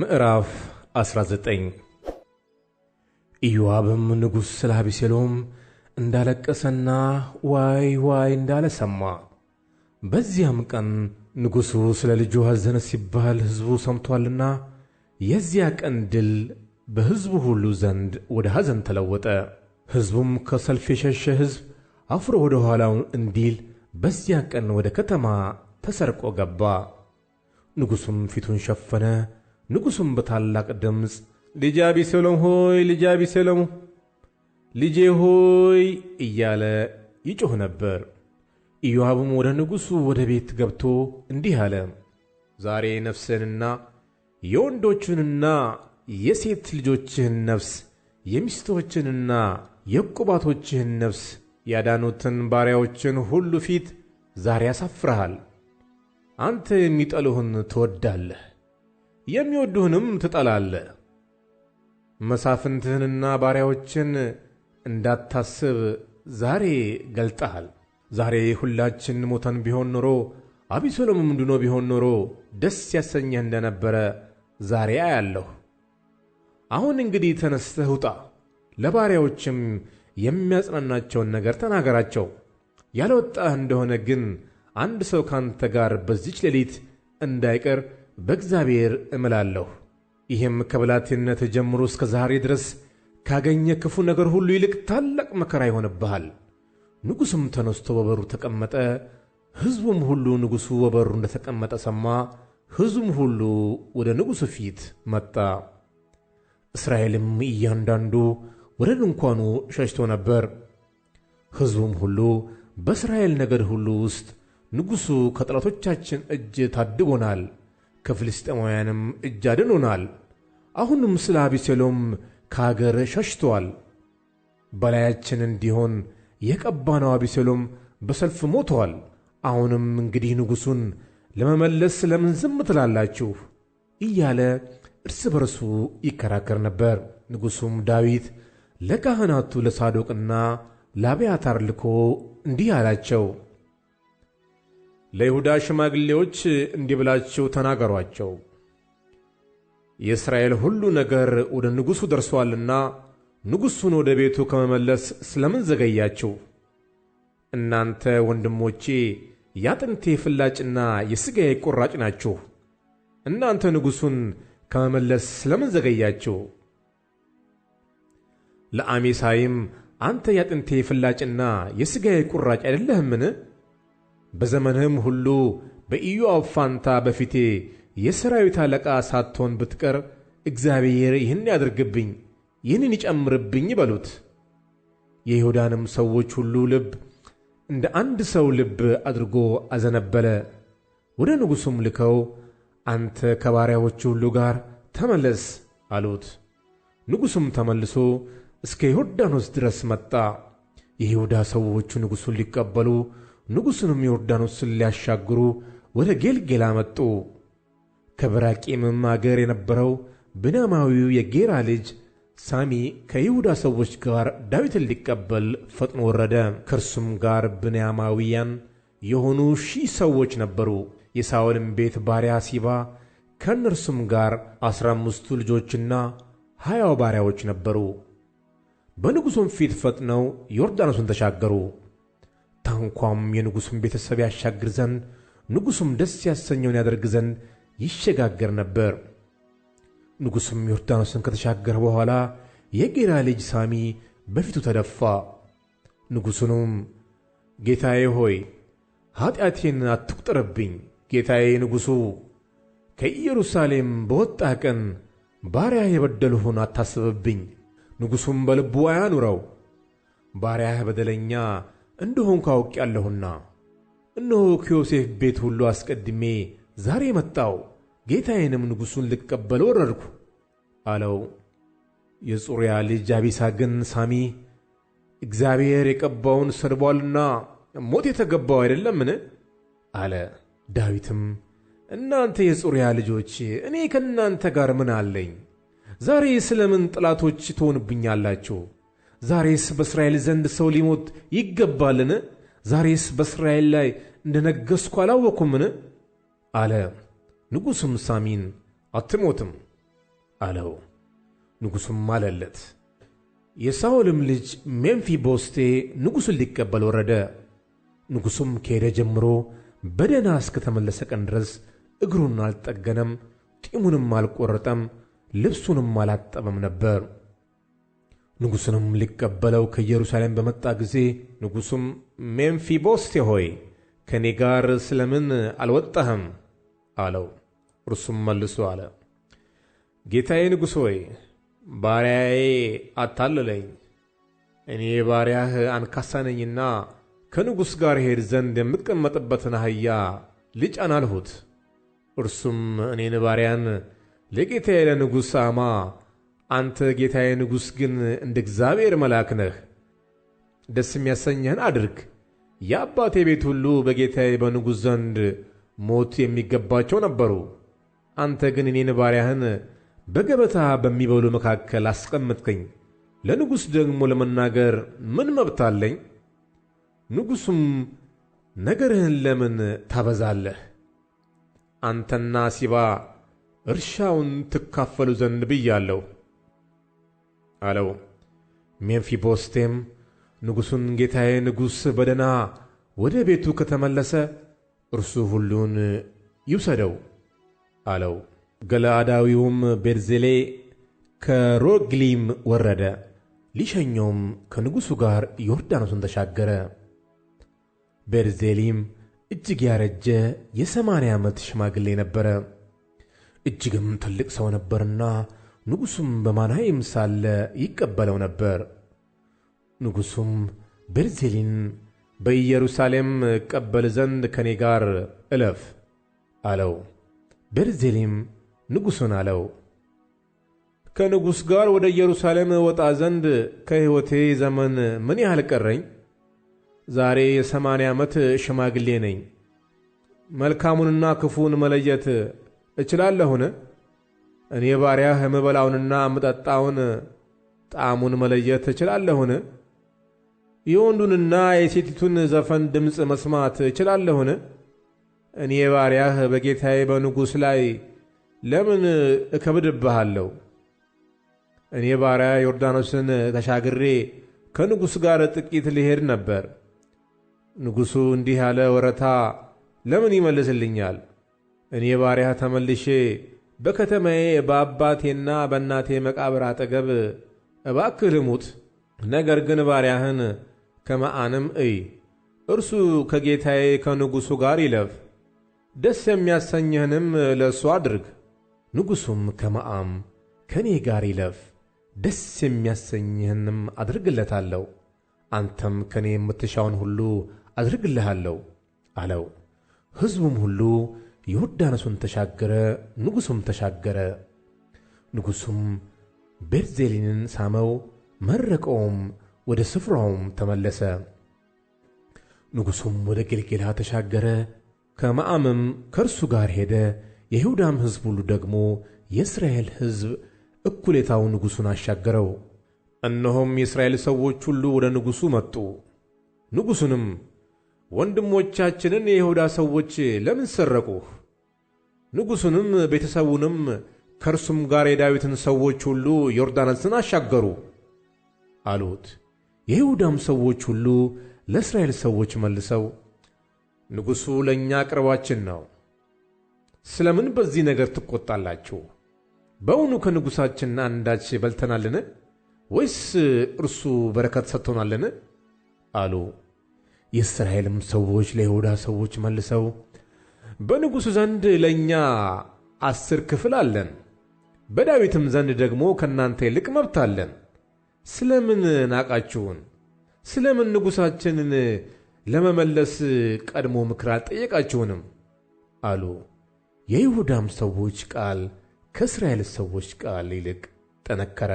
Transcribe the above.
ምዕራፍ 19 ኢዮአብም ንጉሥ ስለ አቤሴሎም እንዳለቀሰና ዋይ ዋይ እንዳለ ሰማ። በዚያም ቀን ንጉሡ ስለ ልጁ አዘነ ሲባል ሕዝቡ ሰምቶአልና የዚያ ቀን ድል በሕዝቡ ሁሉ ዘንድ ወደ ሐዘን ተለወጠ። ሕዝቡም ከሰልፍ የሸሸ ሕዝብ አፍሮ ወደ ኋላው እንዲል በዚያ ቀን ወደ ከተማ ተሰርቆ ገባ። ንጉሡም ፊቱን ሸፈነ፣ ንጉሡም በታላቅ ድምፅ ልጄ አቤሴሎም ሆይ ልጄ አቤሴሎም ልጄ ሆይ እያለ ይጮህ ነበር። ኢዮአብም ወደ ንጉሡ ወደ ቤት ገብቶ እንዲህ አለ፣ ዛሬ ነፍስህንና የወንዶችንና የሴት ልጆችህን ነፍስ የሚስቶችንና የቁባቶችህን ነፍስ ያዳኑትን ባሪያዎችን ሁሉ ፊት ዛሬ ያሳፍረሃል። አንተ የሚጠሉህን ትወዳለህ የሚወዱህንም ትጠላለ መሳፍንትህንና ባሪያዎችን እንዳታስብ ዛሬ ገልጠሃል። ዛሬ ሁላችን ሞተን ቢሆን ኖሮ አቤሴሎምም ድኖ ቢሆን ኖሮ ደስ ያሰኘህ እንደነበረ ዛሬ አያለሁ። አሁን እንግዲህ ተነስተህ ውጣ፣ ለባሪያዎችም የሚያጽናናቸውን ነገር ተናገራቸው። ያለወጣህ እንደሆነ ግን አንድ ሰው ካንተ ጋር በዚች ሌሊት እንዳይቀር በእግዚአብሔር እምላለሁ። ይህም ከብላቴነት ጀምሮ እስከ ዛሬ ድረስ ካገኘ ክፉ ነገር ሁሉ ይልቅ ታላቅ መከራ ይሆንብሃል። ንጉሥም ተነሥቶ በበሩ ተቀመጠ። ሕዝቡም ሁሉ ንጉሡ በበሩ እንደ ተቀመጠ ሰማ። ሕዝቡም ሁሉ ወደ ንጉሡ ፊት መጣ። እስራኤልም እያንዳንዱ ወደ ድንኳኑ ሸሽቶ ነበር። ሕዝቡም ሁሉ በእስራኤል ነገድ ሁሉ ውስጥ ንጉሡ ከጠላቶቻችን እጅ ታድጎናል ከፍልስጥኤማውያንም እጅ አድኖናል። አሁንም ስለ አቤሴሎም ከአገር ሸሽቶአል። በላያችን እንዲሆን የቀባነው አቤሴሎም በሰልፍ ሞቶአል። አሁንም እንግዲህ ንጉሡን ለመመለስ ለምን ዝም ትላላችሁ? እያለ እርስ በርሱ ይከራከር ነበር። ንጉሡም ዳዊት ለካህናቱ ለሳዶቅና ለአብያታር ልኮ እንዲህ አላቸው፦ ለይሁዳ ሽማግሌዎች እንዲህ ብላችሁ ተናገሯቸው፣ የእስራኤል ሁሉ ነገር ወደ ንጉሡ ደርሶአልና ንጉሡን ወደ ቤቱ ከመመለስ ስለምን ዘገያችሁ? እናንተ ወንድሞቼ የአጥንቴ ፍላጭና የሥጋዬ ቁራጭ ናችሁ። እናንተ ንጉሡን ከመመለስ ስለምን ዘገያችሁ? ለአሜሳይም አንተ የአጥንቴ ፍላጭና የሥጋዬ ቁራጭ አይደለህምን? በዘመንህም ሁሉ በኢዮአብ ፋንታ በፊቴ የሰራዊት አለቃ ሳትሆን ብትቀር እግዚአብሔር ይህን ያድርግብኝ፣ ይህንን ይጨምርብኝ በሉት። የይሁዳንም ሰዎች ሁሉ ልብ እንደ አንድ ሰው ልብ አድርጎ አዘነበለ። ወደ ንጉሡም ልከው አንተ ከባሪያዎች ሁሉ ጋር ተመለስ አሉት። ንጉሡም ተመልሶ እስከ ዮርዳኖስ ድረስ መጣ። የይሁዳ ሰዎቹ ንጉሡን ሊቀበሉ ንጉሥንም ዮርዳኖስን ሊያሻግሩ ወደ ጌልጌላ መጡ። ከበራቂምም አገር የነበረው ብንያማዊው የጌራ ልጅ ሳሚ ከይሁዳ ሰዎች ጋር ዳዊትን ሊቀበል ፈጥኖ ወረደ። ከእርሱም ጋር ብንያማዊያን የሆኑ ሺህ ሰዎች ነበሩ። የሳኦልም ቤት ባሪያ ሲባ ከእነርሱም ጋር ዐሥራ አምስቱ ልጆችና ሀያው ባሪያዎች ነበሩ። በንጉሡም ፊት ፈጥነው ዮርዳኖስን ተሻገሩ። ታንኳም የንጉሡን ቤተሰብ ያሻግር ዘንድ ንጉሡም ደስ ያሰኘውን ያደርግ ዘንድ ይሸጋገር ነበር። ንጉሡም ዮርዳኖስን ከተሻገረ በኋላ የጌራ ልጅ ሳሚ በፊቱ ተደፋ። ንጉሡንም ጌታዬ ሆይ ኀጢአቴን አትቁጥርብኝ፣ ጌታዬ ንጉሡ ከኢየሩሳሌም በወጣ ቀን ባሪያ የበደልሁን አታስብብኝ። ንጉሡም በልቡ አያኑረው ባሪያህ በደለኛ እንዲሆን ካውቅ ያለሁና እነሆ ከዮሴፍ ቤት ሁሉ አስቀድሜ ዛሬ መጣው፣ ጌታዬንም ንጉሡን ልቀበል ወረድኩ አለው። የጽሩያ ልጅ አቢሳ ግን ሳሚ እግዚአብሔር የቀባውን ሰድቧልና ሞት የተገባው አይደለምን? አለ። ዳዊትም እናንተ የጽሩያ ልጆች እኔ ከእናንተ ጋር ምን አለኝ? ዛሬ ስለምን ጠላቶች ትሆንብኛላችሁ? ዛሬስ በእስራኤል ዘንድ ሰው ሊሞት ይገባልን? ዛሬስ በእስራኤል ላይ እንደ ነገሥኩ አላወኩምን? አለ። ንጉሡም ሳሚን አትሞትም አለው። ንጉሡም አለለት። የሳኦልም ልጅ ሜምፊቦስቴ ንጉሡን ሊቀበል ወረደ። ንጉሡም ከሄደ ጀምሮ በደህና እስከተመለሰ ቀን ድረስ እግሩን አልጠገነም፣ ጢሙንም አልቆረጠም፣ ልብሱንም አላጠበም ነበር። ንጉሥንም ሊቀበለው ከኢየሩሳሌም በመጣ ጊዜ ንጉሡም ሜምፊቦስቴ ሆይ ከእኔ ጋር ስለምን አልወጣህም? አለው። እርሱም መልሶ አለ፣ ጌታዬ ንጉሥ ሆይ ባሪያዬ አታለለኝ። እኔ ባሪያህ አንካሳ ነኝና ከንጉሥ ጋር ሄድ ዘንድ የምቀመጥበትን አህያ ልጫን አልሁት። እርሱም እኔን ባሪያን ለጌታዬ ለንጉሥ አማ አንተ ጌታዬ ንጉሥ ግን እንደ እግዚአብሔር መልአክ ነህ፤ ደስ የሚያሰኝህን አድርግ። የአባቴ ቤት ሁሉ በጌታዬ በንጉሥ ዘንድ ሞት የሚገባቸው ነበሩ። አንተ ግን እኔን ባሪያህን በገበታ በሚበሉ መካከል አስቀምጥከኝ። ለንጉሥ ደግሞ ለመናገር ምን መብት አለኝ? ንጉሡም ነገርህን ለምን ታበዛለህ? አንተና ሲባ እርሻውን ትካፈሉ ዘንድ ብያለሁ። አለው። ሜምፊቦስቴም ንጉሡን ጌታዬ ንጉሥ በደና ወደ ቤቱ ከተመለሰ እርሱ ሁሉን ይውሰደው አለው። ገለአዳዊውም ቤርዜሌ ከሮግሊም ወረደ፣ ሊሸኘውም ከንጉሡ ጋር ዮርዳኖስን ተሻገረ። ቤርዜሊም እጅግ ያረጀ የሰማንያ ዓመት ሽማግሌ ነበረ። እጅግም ትልቅ ሰው ነበርና ንጉሡም በማናይም ሳለ ይቀበለው ነበር። ንጉሡም ቤርዜሊን በኢየሩሳሌም እቀበል ዘንድ ከእኔ ጋር እለፍ አለው። ቤርዜሊም ንጉሡን አለው፣ ከንጉሥ ጋር ወደ ኢየሩሳሌም ወጣ ዘንድ ከሕይወቴ ዘመን ምን ያህል ቀረኝ? ዛሬ የሰማንያ ዓመት ሽማግሌ ነኝ። መልካሙንና ክፉን መለየት እችላለሁን? እኔ ባሪያህ የምበላውንና የምጠጣውን ጣዕሙን መለየት እችላለሁን? የወንዱንና የሴቲቱን ዘፈን ድምፅ መስማት እችላለሁን? እኔ ባሪያህ በጌታዬ በንጉሥ ላይ ለምን እከብድብሃለሁ? እኔ ባሪያ ዮርዳኖስን ተሻግሬ ከንጉሥ ጋር ጥቂት ልሄድ ነበር። ንጉሡ እንዲህ ያለ ወረታ ለምን ይመልስልኛል? እኔ ባሪያህ ተመልሼ በከተማዬ በአባቴና በእናቴ መቃብር አጠገብ እባክህ ልሙት፣ ነገር ግን ባሪያህን ከመዓንም እይ፣ እርሱ ከጌታዬ ከንጉሡ ጋር ይለፍ፣ ደስ የሚያሰኝህንም ለእሱ አድርግ። ንጉሡም ከመዓም ከእኔ ጋር ይለፍ፣ ደስ የሚያሰኝህንም አድርግለታለሁ፣ አንተም ከእኔ የምትሻውን ሁሉ አድርግልሃለሁ አለው። ሕዝቡም ሁሉ ዮርዳኖስን ተሻገረ፣ ንጉሡም ተሻገረ። ንጉሡም ቤርዜሊንን ሳመው፣ መረቀውም፣ ወደ ስፍራውም ተመለሰ። ንጉሡም ወደ ጌልጌላ ተሻገረ፣ ከመዓምም ከእርሱ ጋር ሄደ። የይሁዳም ሕዝብ ሁሉ ደግሞ የእስራኤል ሕዝብ እኩሌታው ንጉሡን አሻገረው። እነሆም የእስራኤል ሰዎች ሁሉ ወደ ንጉሡ መጡ። ንጉሡንም ወንድሞቻችንን የይሁዳ ሰዎች ለምን ሰረቁህ? ንጉሡንም ቤተሰቡንም ከእርሱም ጋር የዳዊትን ሰዎች ሁሉ ዮርዳኖስን አሻገሩ አሉት። የይሁዳም ሰዎች ሁሉ ለእስራኤል ሰዎች መልሰው ንጉሡ ለእኛ ቅርባችን ነው፣ ስለምን በዚህ ነገር ትቆጣላችሁ? በውኑ ከንጉሣችን አንዳች በልተናልን? ወይስ እርሱ በረከት ሰጥቶናልን? አሉ። የእስራኤልም ሰዎች ለይሁዳ ሰዎች መልሰው በንጉሡ ዘንድ ለእኛ አስር ክፍል አለን፣ በዳዊትም ዘንድ ደግሞ ከእናንተ ይልቅ መብት አለን። ስለ ምን ናቃችሁን? ስለ ምን ንጉሣችንን ለመመለስ ቀድሞ ምክር አልጠየቃችሁንም? አሉ። የይሁዳም ሰዎች ቃል ከእስራኤል ሰዎች ቃል ይልቅ ጠነከረ።